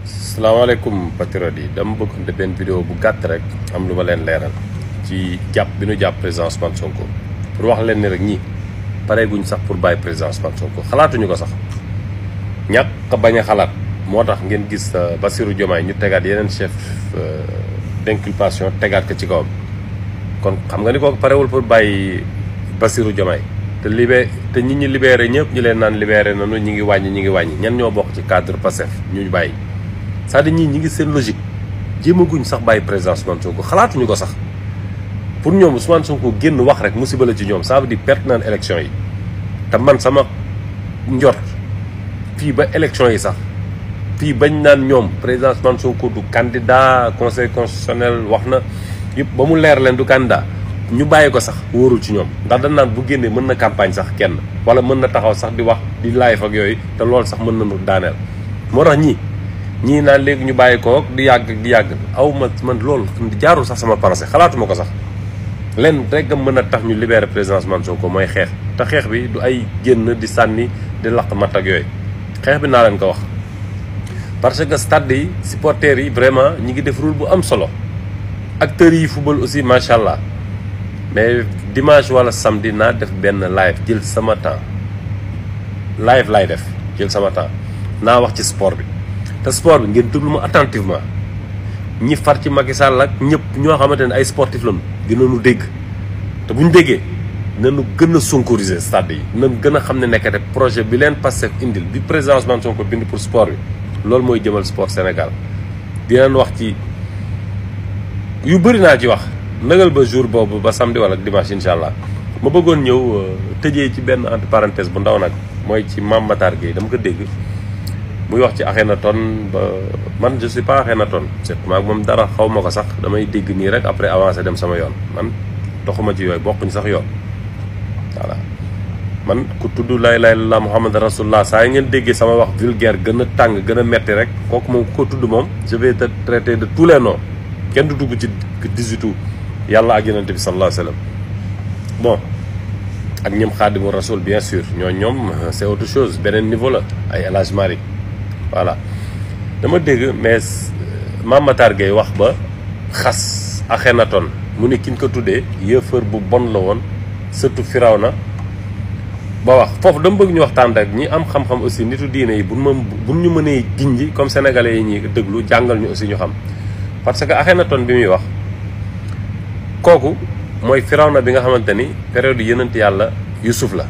Assalamualaikum patriote yi dama bëggoon def benn vidéo bu gàtt rek am lu ma leen leeral ci jàpp bi ñu jàpp président Ousmane Sonko pour wax leen ni rek ñi pareeguñ sax pour bàyyi président Ousmane Sonko xalaatuñu ko sax ñàkk bañ a xalaat ngeen gis euh, ñu chef euh, d'inculpation tegaat ko ci kon xam nga ni kooku parewul pour bàyyi Bassirou Diomaye te libé te ñi ñi libéré ñëpp ñu leen naan libéré nañu ñi ngi ñi ngi ñan ñoo ci cadre ñu c'est-à-dire ñii ñi ngi seen logique jéemaguñ sax bàyyi président ko Sonko xalaatuñu ko sax pour ñom Ousmane Sonko genn wax rek musiba la ci ñom ça veut dire perte nan élection yi ta man sama njort fi ba élection yi sax fi bañ nan ñom présence man Sonko du candidat conseil constitutionnel waxna na ba mu leer leen du candidat ñu bàyyi ko sax woru ci ñom da dañ nan bu genné mëna campagne sax kenn wala mëna taxaw sax di wax di live ak yoy te lool sax mëna na nu daaneel moo tax ñi ñii naa léegi ñu bàyyi ko di yàgg di yàgg aw ma man loolu jaarul sax sama parce que xalaatuma ko sax lenn rek a mën a tax ñu libéré président Ousmane ko mooy xeex te xeex bi du ay génn di sànni di laq matt ak yooyu xeex bi naa leen ko wax. parce que stade yi supporters yi vraiment ñi ngi def rôle bu am solo acteurs yi football aussi macha allah mais dimanche wala samedi naa def benn live jël sama temps live laay def jël sama temps naa wax ci sport bi. te sport bi ngeen dublu ma attentivement ñi far ci Macky Sall ak ñepp ño xamante ay sportif lañu dinañu dégg te buñu déggé nañu gëna a sonkoriser stade yi. nañu gëna xamné xam projet bi leen indil bi man son ko bind pour sport bi lool moy jëmal sport Sénégal dinañ wax ci yu bari na ci wax nagal ba jour bobu ba samedi wala dimanche inshallah ma bëggoon ñëw euh, tejé ci ben entre parenthèse bu ndaw nak moy ci Matar dama ko dégg. muy wax ci Akhenaton ba man je suis pas Akhenaton c'est maag moom dara xaw ma ko sax damay dégg nii rek après avancé dem sama yoon man doxuma ci yooyu bokkuñ sax yoon voilà man ku tudd lay lay la Muhammad rasulullah saa yi ngeen déggee sama wax vulgaire gën a tàng gën a metti rek kooku moom ku ko tudd moom je vais te traiter de tous les noms kenn du dugg ci 18 yàlla ak yonente bi sallallahu alayhi wa bon ak ñoom xaadimu rasul bien sûr ñoo ñoom euh, c'est autre chose beneen niveau la ay El Hadj voilà dama dégg mais euh, Mame Matar Gueye wax ba khas Akhenaton mu ne kiñ ko tuddee yeufeur bu bon la won surtout Firawna ba wax foofu dama bëgg ñu waxtaan rek ñi am xam-xam aussi nitu diiné yi bu ma bu ñu mënee ginji comme sénégalais yi ñi dégglu jangal ñu aussi ñu xam parce que Akhenaton bi muy wax koku moy Firawna bi nga xamanteni période yonent yalla Yusuf la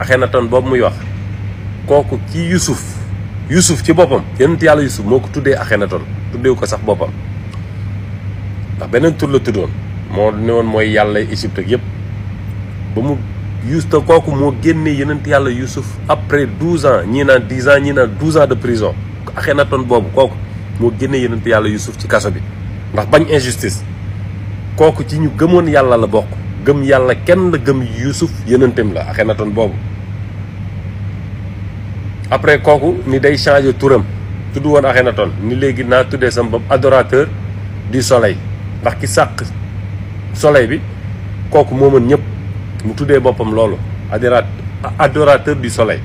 Akhenaton bobu muy wax koku ki Yusuf Youssouf ci boppam yonent yàlla Youssouf moo ko tuddee Akhenaton tuddee ko sax boppam ndax beneen tur la tuddoon moo ne woon mooy yàlla Égypte ak yëpp ba mu Youssouf kooku moo génnee yonent yàlla Youssouf après douze ans ñii naan dix ans ñi naa douze ans de prison Akhenaton boobu kooku moo génnee yonent yàlla Youssouf ci kaso bi ndax bañ injustice kooku ci ñu gëmoon yàlla la bokk gëm yàlla kenn la gëm Youssouf yonentam la Akhenaton boobu après koku ni day changer turam tudd woon Akhenaton ni legui na tuddé sam bopp adorateur du soleil ndax ki sak soleil bi koku momon nyep ñëpp mu tuddé bopam lolu adorateur du soleil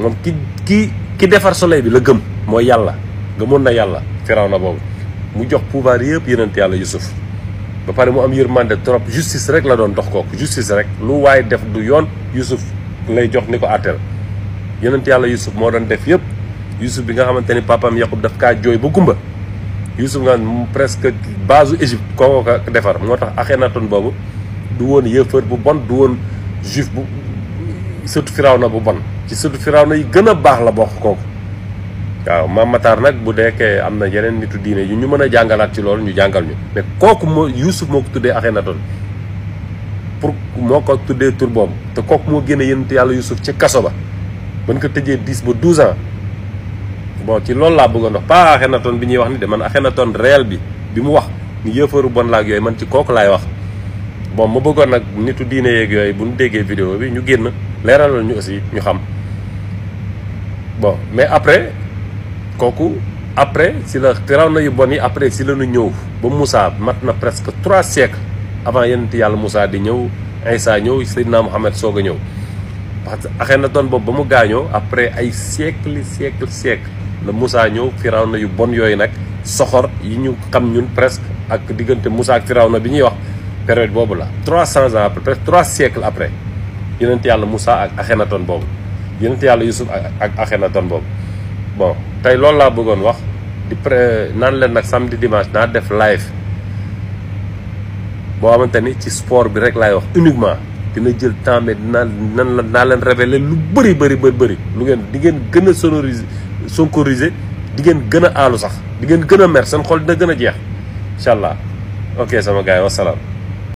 mom ki ki ki défar soleil bi la gëm moy yalla gëmon na yalla firaw na mu jox pouvoir yalla Yusuf ba paré mu am yërmande trop justice rek la doon dox koku justice rek lu way def du yoon Yusuf lay jox niko atel yonent yalla yusuf mo doon def yusuf bi nga xamanteni papam yaqub daf ka joy bu gumba yusuf nga presque base égypte koo ko defar motax tax Akhenaton boobu du won yeufeur bu bon du won juif bu surtout firawna bu bon ci surtout firawna yi gëna bax la bokk kooku waaw ma Matar nak bu deke amna yenen nitu diine yu ñu mëna jangalat ci lool ñu jangal ñu mais koku mo yusuf moko tuddé tuddee Akhenaton pour moko tuddé tour tur te koku mo gëna yonent yalla yusuf ci kasso ba mën ko tëjee 10 ba 12 ans bon ci loolu laa bëggoon wax pas Akhenaton bi ñuy wax ni de man Akhenaton réel bi bi mu wax ni yëfaru bon laak yooyu man ci kooku laay wax bon ma bëggoon nag nitu diine yeeg yooyu bu ñu déggee vidéo bi ñu génn leeralal ñu aussi ñu xam bon mais après kooku après si la firawna yu bon yi après si la ñëw ba Moussa mat na presque trois siècles avant yonent yàlla Moussa di ñëw Isa ñëw Seydina Mohamed soog a ñëw parce que na Akhenaton boobu ba mu gaañoo après ay siècle siècle siècle la Moussa ñëw firaw na yu bon yooyu nag soxor yi ñu xam ñun presque ak diggante Moussa ak na bi ñuy wax période boobu la. 300 ans après presque 3 siècles après yonent yàlla Moussa ak Akhenaton boobu yonent yàlla Yusuf ak ak Akhenaton boobu bon tey loolu laa bëggoon wax di pré naan leen nag samedi dimanche naa def live boo xamante ni ci sport bi rek laay wax uniquement. dina jël temps mais nan la naa leen révéler lu bëri bëri bëri bëri lu ngeen di ngeen gën a sonoriser sonkoriser di ngeen gën a aalu sax di ngeen gën a mer seen xool dina gën a jeex incha allah ok sama gars yi wasalaam